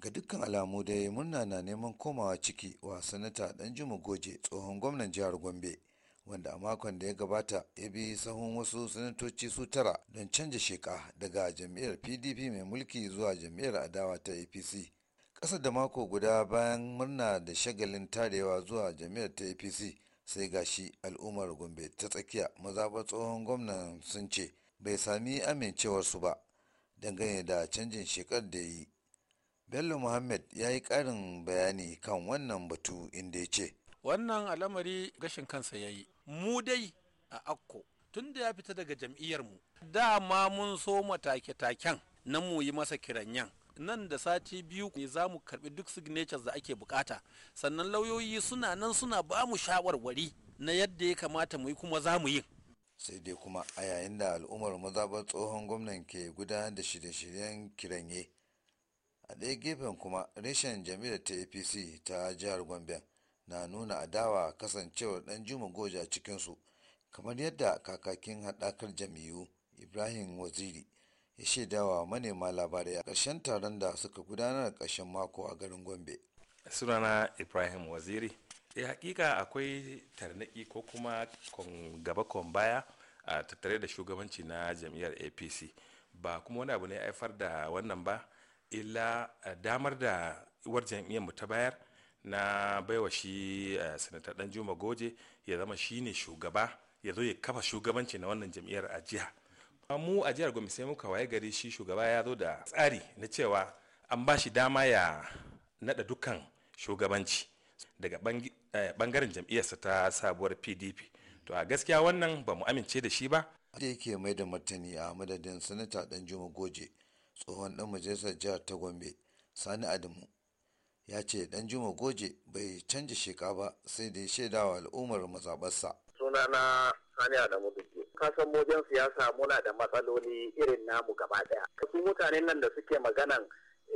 ga dukkan alamu dai murna na neman komawa ciki wa sanata jimu goje tsohon gwamnan jihar gombe wanda a makon da ya gabata ya bi sahun wasu sanatoci su tara don canja sheka daga jam'iyyar pdp mai mulki zuwa jam'iyyar adawa ta apc ƙasa da mako guda bayan murna da shagalin tarewa zuwa jam'iyyar ta apc sai gashi al'ummar gombe ta tsakiya mazaɓar tsohon gwamnan sun ce bai sami amincewarsu ba dangane da canjin shekar da ya yi bello muhammad ya yi ƙarin bayani kan wannan batu inda ya ce wannan al'amari gashin kansa ya yi mu dai a akko tun da ya fita daga jam'iyyar jam'iyyarmu dama mun so matake-taken na mu yi masa kiranyan nan da sati biyu ne za mu karbi duk signatures da ake bukata sannan lauyoyi suna nan suna ba mu shawarwari na yadda ya kamata mu yi kuma za mu yi sai dai kuma a yayin da al'ummar mazabar tsohon gwamnan ke gudanar da shirye-shiryen kiranye a gefen kuma reshen jam'iyyar ta apc ta jihar gombe na nuna adawa kasancewar dan juma goja cikinsu kamar yadda kakakin haɗakar jam'iyyu ibrahim waziri ya shaidawa manema labarai a ƙarshen taron da suka gudanar a karshen mako a garin gombe sunana ibrahim waziri e hakika akwai tarnaki ko kuma gaba baya a tattare da shugabanci na jam'iyyar apc ba kuma wani abu ne haifar da wannan ba illa eh, damar da uwar jam'iyyar mu ta bayar na baiwa shi eh, sanata dan juma goje ya zama shine shugaba ya zo ya kafa shugabanci na wannan jam'iyyar a jiha mu a jihar gombe sai muka waye gari shi shugaba ya zo da tsari na cewa an ba shi dama ya nada dukkan shugabanci daga bangaren eh, jam'iyyarsa ta sabuwar pdp to a gaskiya wannan ba mu amince da shi ba da yake mai da martani a madadin sanata dan juma goje tsohon ɗan majalisar jihar ta gombe sani adamu ya ce dan juma goje bai canja sheka ba sai da ya shaida wa al'ummar Suna na sani adamu duke kasan wajen siyasa muna da matsaloli irin namu gaba daya Wasu mutanen nan da suke maganan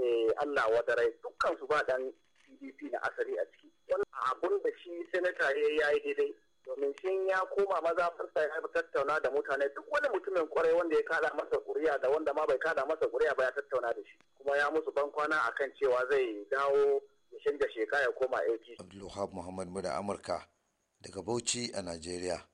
eh, allah wadarai dukkan su ba dan pdp na asali a ciki abun da shi senata ya yi daidai ya koma maza farsa ya tattauna da mutane duk wani mutumin kwarai wanda ya kada masa kuriya da wanda ma bai kada masa kuriya ba ya tattauna da shi kuma ya musu ban kwana akan cewa zai dawo ya canza shekara ya koma APC. Abdulwahab Muhammad Muda Amurka daga Bauchi a Najeriya.